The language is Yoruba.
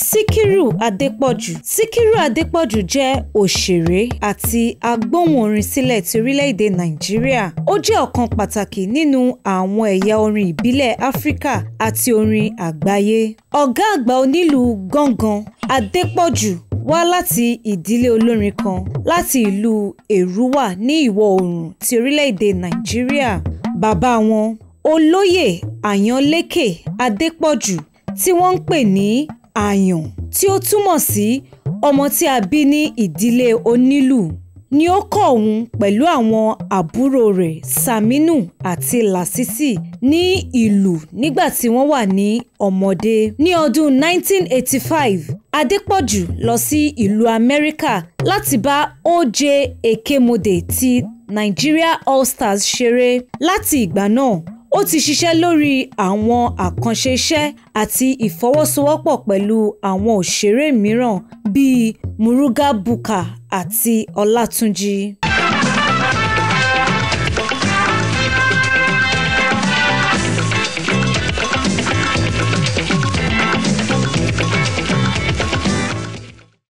Sikiru adepoju. Sikiru adepoju jẹ́ òṣèré àti agbóhùnorin sílẹ̀ ti orílẹ̀-èdè nàìjíríà ó jẹ́ ọ̀kan pàtàkì nínú àwọn ẹ̀yà orin ìbílẹ̀ áfíríkà àti orin àgbáyé ọ̀gá àgbà onílù gángan adepoju. wá láti ìdílé olórin kan láti ìlú èrúwà ní ìwọ̀ oòrùn ti orílẹ̀-èdè nàìjíríà bàbá wọn olóyè àyánlékè adepoju. tí wọ́n ń pè ní àyàn tí ó túmọ̀ sí ọmọ tí a bí ní ìdílé onílù ni ó kọ́ òun pẹ̀lú àwọn àbúrò rẹ̀ saminu àti lasisi ní ìlú nígbà tí wọ́n wà ní ọmọdé. ní ọdún 1985 adépọ̀jù lọ sí ìlú amẹ́ríkà láti bá oj ekemode ti Nigeria All Stars ṣeré láti ìgbà náà ó ti ṣiṣẹ́ lórí àwọn àkànṣe iṣẹ́ àti ìfọwọ́sowọ́pọ̀ pẹ̀lú àwọn òṣèré mìíràn bíi muruga bukar àti ọlátúnjì.